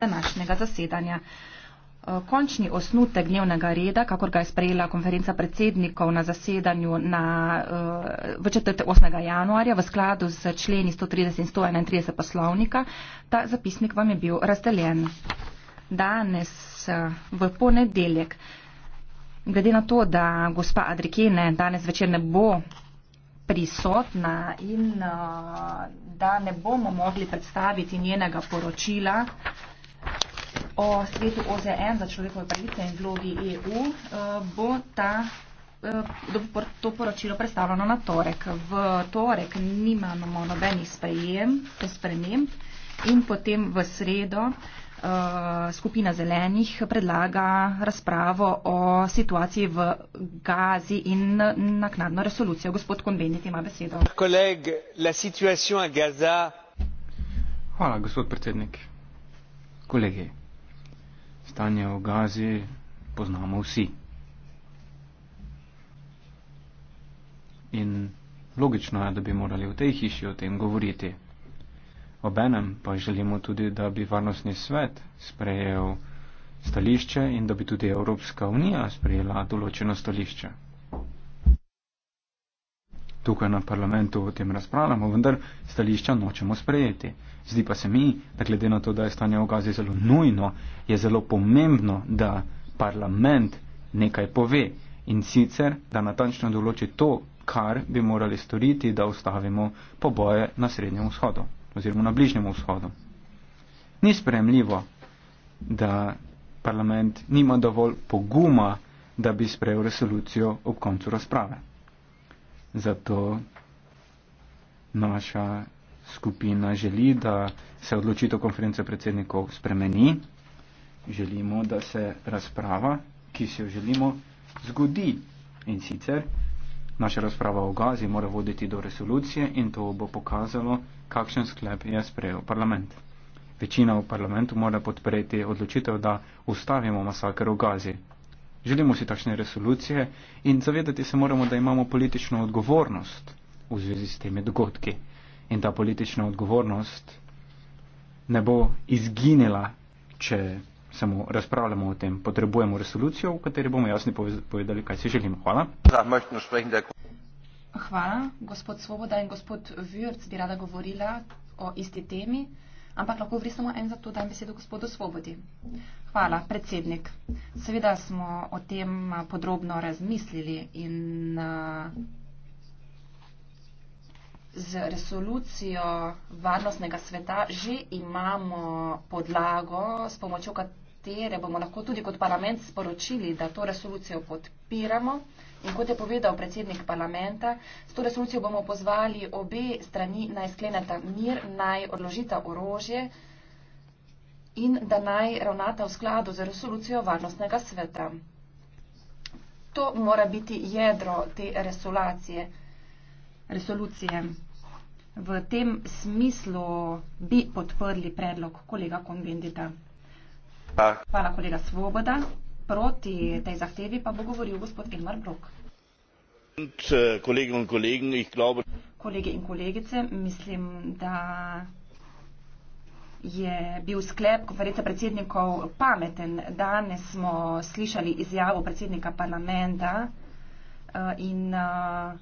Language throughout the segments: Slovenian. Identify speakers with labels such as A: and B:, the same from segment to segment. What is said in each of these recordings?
A: današnjega zasedanja. Eh, končni osnutek dnevnega reda, kakor ga je sprejela konferenca predsednikov na zasedanju na, eh, v 4. 8. januarja v skladu z členi 130 in 131 poslovnika, ta zapisnik vam je bil razdeljen. Danes eh, v ponedeljek, glede na to, da gospa Adrikene danes večer ne bo prisotna in da ne bomo mogli predstaviti njenega poročila, o svetu OZN za človekove pravice in vlogi EU eh, bo ta, eh, to poročilo predstavljeno na torek. V torek nimamo nobenih sprejem, sprememb in potem v sredo eh, skupina zelenih predlaga razpravo o situaciji v Gazi in naknadno resolucijo. Gospod Konbenit ima besedo.
B: Koleg, la situacija Gaza. Hvala, gospod predsednik. Kolegi. Stanje v Gazi poznamo vsi. In logično je, da bi morali v tej hiši o tem govoriti. Obenem pa želimo tudi, da bi varnostni svet sprejel stališče in da bi tudi Evropska unija sprejela določeno stališče tukaj na parlamentu o tem razpravljamo, vendar stališča nočemo sprejeti. Zdi pa se mi, da glede na to, da je stanje v Gazi zelo nujno, je zelo pomembno, da parlament nekaj pove in sicer, da natančno določi to, kar bi morali storiti, da ustavimo poboje na Srednjem vzhodu oziroma na Bližnjem vzhodu. Ni spremljivo, da parlament nima dovolj poguma, da bi sprejel resolucijo ob koncu razprave. Zato naša skupina želi, da se odločitev konference predsednikov spremeni. Želimo, da se razprava, ki se jo želimo, zgodi. In sicer naša razprava o gazi mora voditi do resolucije in to bo pokazalo, kakšen sklep je sprejel parlament. Večina v parlamentu mora podpreti odločitev, da ustavimo masaker v gazi. Želimo si takšne resolucije in zavedati se moramo, da imamo politično odgovornost v zvezi s temi dogodki. In ta politična odgovornost ne bo izginila, če samo razpravljamo o tem. Potrebujemo resolucijo, v kateri bomo jasno povedali, kaj si želimo. Hvala. Ja,
A: Hvala. Gospod Svoboda in gospod Vjurc bi rada govorila o isti temi ampak lahko vri samo en za to, da je besedo gospodu Svobodi. Hvala, predsednik. Seveda smo o tem podrobno razmislili in z resolucijo varnostnega sveta že imamo podlago, s pomočjo katerega katere bomo lahko tudi kot parlament sporočili, da to resolucijo podpiramo. In kot je povedal predsednik parlamenta, s to resolucijo bomo pozvali obe strani naj skleneta mir, naj odložita orožje in da naj ravnata v skladu z resolucijo varnostnega sveta. To mora biti jedro te resolucije. V tem smislu bi podprli predlog kolega Konvendita. Hvala, kolega Svoboda. Proti tej zahtevi pa bo govoril gospod Elmar Brok. Kolegom in kolegom, jih glavo. Kolege in kolegice, mislim, da je bil sklep konference predsednikov pameten. Danes smo slišali izjavo predsednika parlamenta eh, in uh,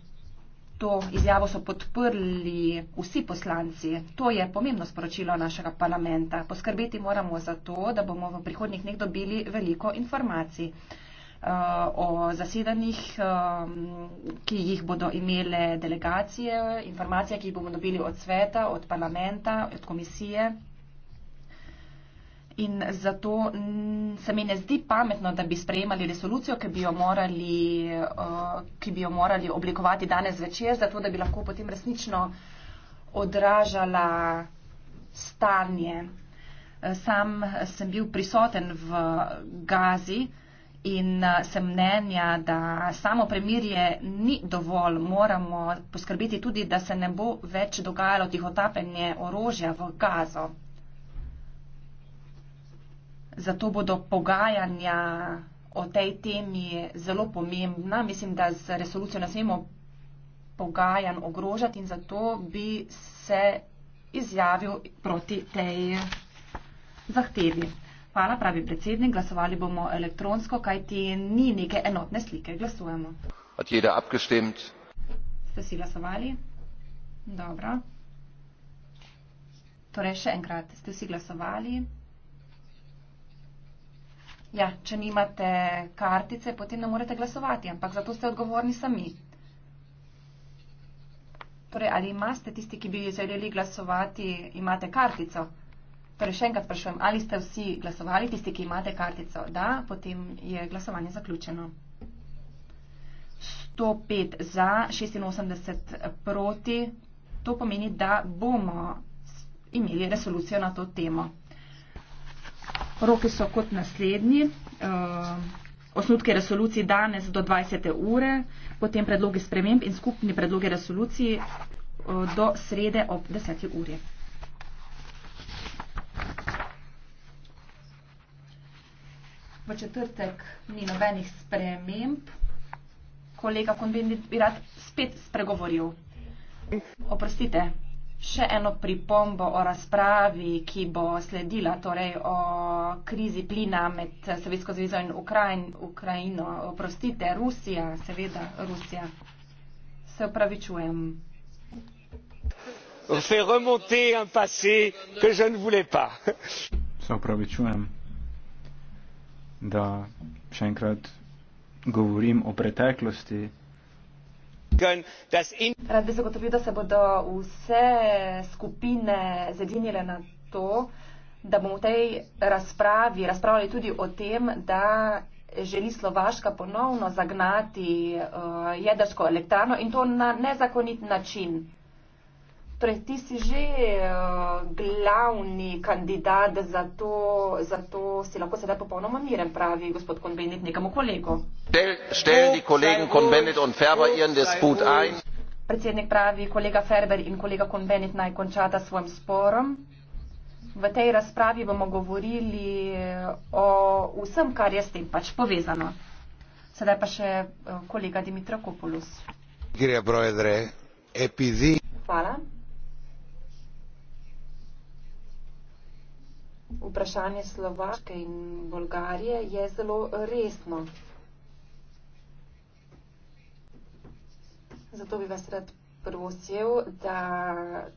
A: To izjavo so podprli vsi poslanci. To je pomembno sporočilo našega parlamenta. Poskrbeti moramo za to, da bomo v prihodnjih dneh dobili veliko informacij eh, o zasedanjih, eh, ki jih bodo imele delegacije, informacije, ki jih bomo dobili od sveta, od parlamenta, od komisije. In zato se mi ne zdi pametno, da bi sprejemali resolucijo, ki bi jo morali, uh, ki bi jo morali oblikovati danes večer, zato da bi lahko potem resnično odražala stanje. Sam sem bil prisoten v Gazi in sem mnenja, da samo premirje ni dovolj. Moramo poskrbeti tudi, da se ne bo več dogajalo tihotapenje orožja v Gazo zato bodo pogajanja o tej temi zelo pomembna. Mislim, da z resolucijo ne smemo pogajanj ogrožati in zato bi se izjavil proti tej zahtevi. Hvala, pravi predsednik, glasovali bomo elektronsko, kaj ti ni neke enotne slike. Glasujemo. Ste si glasovali? Dobro. Torej, še enkrat, ste si glasovali? Ja, če nimate kartice, potem ne morete glasovati, ampak zato ste odgovorni sami. Torej, ali imate tisti, ki bi želeli glasovati, imate kartico? Torej, še enkrat sprašujem, ali ste vsi glasovali, tisti, ki imate kartico? Da, potem je glasovanje zaključeno. 105 za, 86 proti. To pomeni, da bomo imeli resolucijo na to temo. Roki so kot naslednji. Eh, Osnutke resolucij danes do 20. ure, potem predlogi sprememb in skupni predlogi resolucij eh, do srede ob 10. uri. V četrtek ni nobenih sprememb. Kolega Konvin bi rad spet spregovoril. Oprostite še eno pripombo o razpravi, ki bo sledila, torej o krizi plina med Sovjetsko zvezo in Ukrajin, Ukrajino. Oprostite, Rusija, seveda Rusija. Se upravičujem.
B: Se upravičujem, da še enkrat govorim o preteklosti.
A: Rad bi zagotovil, da se bodo vse skupine zedinile na to, da bomo v tej razpravi razpravljali tudi o tem, da želi Slovaška ponovno zagnati uh, jedrsko elektrano in to na nezakonit način. Torej, ti si že uh, glavni kandidat za to, za to si lahko sedaj popolnoma miren, pravi gospod Konbenet nekemu kolegu. Predsednik pravi, kolega Ferber in kolega Konbenet naj končata svojim sporom. V tej razpravi bomo govorili eh, o vsem, kar je s tem pač povezano. Sedaj pa še eh, kolega Dimitra Kopulus.
B: E
A: Hvala. vprašanje Slovačke in Bolgarije je zelo resno. Zato bi vas rad prosil, da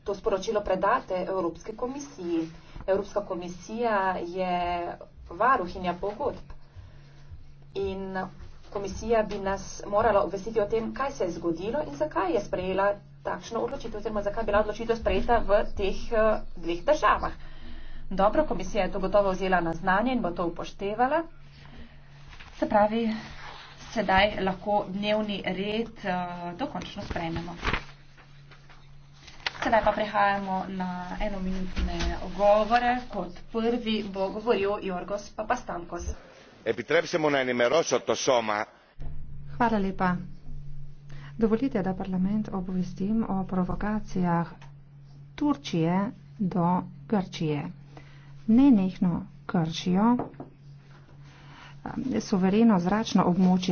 A: to sporočilo predate Evropske komisiji. Evropska komisija je varuhinja pogodb in komisija bi nas morala obvestiti o tem, kaj se je zgodilo in zakaj je sprejela takšno odločitev, oziroma zakaj je bila odločitev sprejeta v teh eh, dveh državah. Dobro, komisija je to gotovo vzela na znanje in bo to upoštevala. Se pravi, sedaj lahko dnevni red uh, dokončno sprejmemo. Sedaj pa prehajamo na enominutne ogovore. Kot prvi bo govoril Jorgos Papastankos. Hvala lepa. Dovolite, da parlament obvestim o provokacijah Turčije do Grčije nenehno kršijo um, suvereno zračno območje.